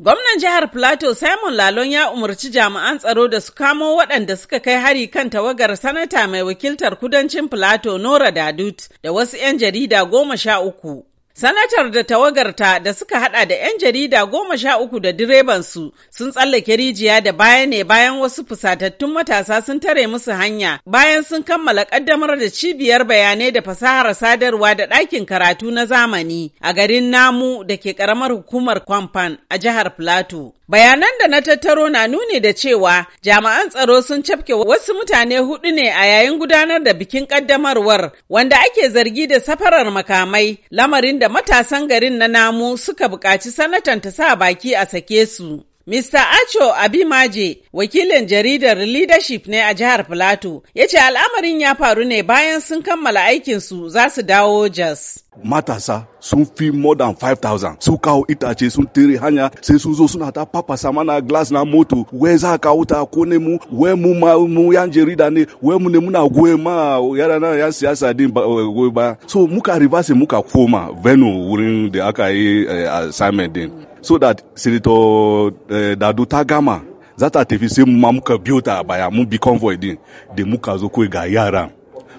Gwamnan jihar Plateau Simon Lalon ya umarci jami'an tsaro da su kamo waɗanda suka kai hari kan tawagar sanata mai wakiltar kudancin Plateau Nora Dadut da wasu 'yan jarida goma sha uku. Sanatar da tawagarta da suka hada da 'yan jarida goma sha uku da direbansu sun tsallake rijiya da baya ne bayan wasu fusatattun matasa sun tare musu hanya bayan sun kammala kaddamar da cibiyar bayanai da fasahar sadarwa da ɗakin karatu na zamani a garin Namu da ke karamar hukumar Kwamfan a jihar Plateau. Bayanan da na tattaro na nuni da cewa jami'an tsaro sun cafke wasu mutane hudu ne a yayin gudanar da bikin kaddamarwar wanda ake zargi da safarar makamai lamarin da da matasan garin na namu suka buƙaci sanatan ta sa baki a sake su. Mr. Acho Abimaje, wakilin jaridar Leadership ne a jihar Filato, ya ce al'amarin ya faru ne bayan sun kammala aikinsu za su dawo Jos. Matasa sun fi more than 5,000 su kawo itace sun tere hanya sai sun zo suna ta fafasa mana glass na moto wai za ka wuta ko ne mu wai mu ma mu yan jarida ne wai mu ne muna goye ma yara na yan siyasa din goye ba eh, so muka reverse muka koma venue wurin da aka yi eh, assignment din so that sirito eh, dadu ta gama za tafi sai ma muka biyo ta baya mun bi convoy din da muka zo kawai ga yara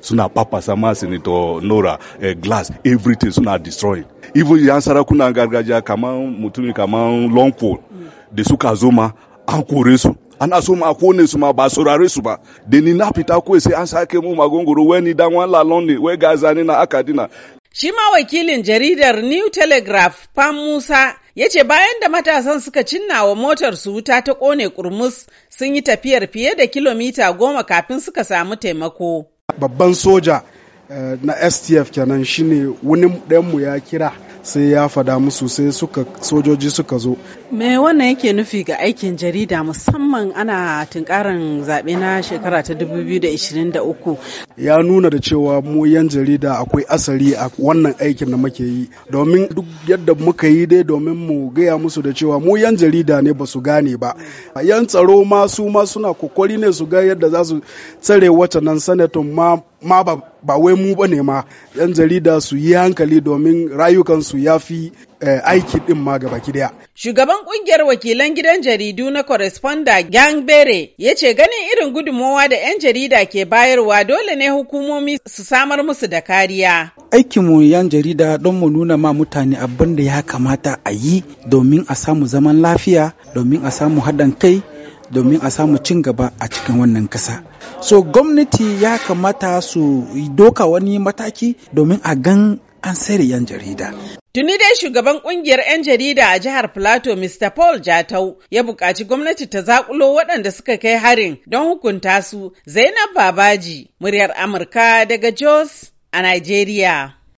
suna papa sama sirito nora eh, glass everything suna destroy even yan sarakunan gargajiya kaman mutumi long pole da suka zo ma an kore su ana so ma kone su ma ba saurare su ba da ni na fita ko sai an sake mu magongoro wani dan wan lalon ne wai na akadina Shi ma wakilin jaridar New Telegraph Pam Musa ya ce bayan da matasan suka cinna wa motar su wuta ta kone kurmus sun yi tafiyar fiye da kilomita goma kafin suka samu taimako. Babban soja eh, na STF kenan shine wani ɗanmu ya kira sai ya fada musu sai suka sojoji suka zo me wannan yake nufi ga aikin jarida musamman ana tunkaran zaɓe na shekara ta 2023 ya nuna da cewa mu yan jarida akwai asali a wannan aikin da muke yi domin duk yadda muka yi dai domin mu gaya musu da cewa mu yan jarida ne ba su gane ba yan tsaro ma su ma suna kokari ne su ga yadda za su tsare wacce nan sanatun ma ba wai mu ba ne ma yan jarida su yi hankali domin rayukansu su ya fi eh, aiki din ma gaba daya. Shugaban kungiyar wakilan gidan jaridu na corresponda Gang Bere ya ce ganin irin gudunmowa da 'yan jarida ke bayarwa dole ne hukumomi su samar musu da kariya. Aikinmu 'yan jarida don mu nuna ma mutane abin da ya kamata a yi domin a samu zaman lafiya, domin a samu haɗin kai, domin a samu cin gaba a cikin wannan kasa. So gwamnati ya kamata su doka wani mataki domin a gan an sare yan jarida Tuni dai shugaban kungiyar 'yan jarida a jihar Filato Mr. Paul Jatau ya buƙaci gwamnati ta zaƙulo waɗanda suka kai harin don hukunta su Zainab Babaji, muryar Amurka daga Jos a Nigeria.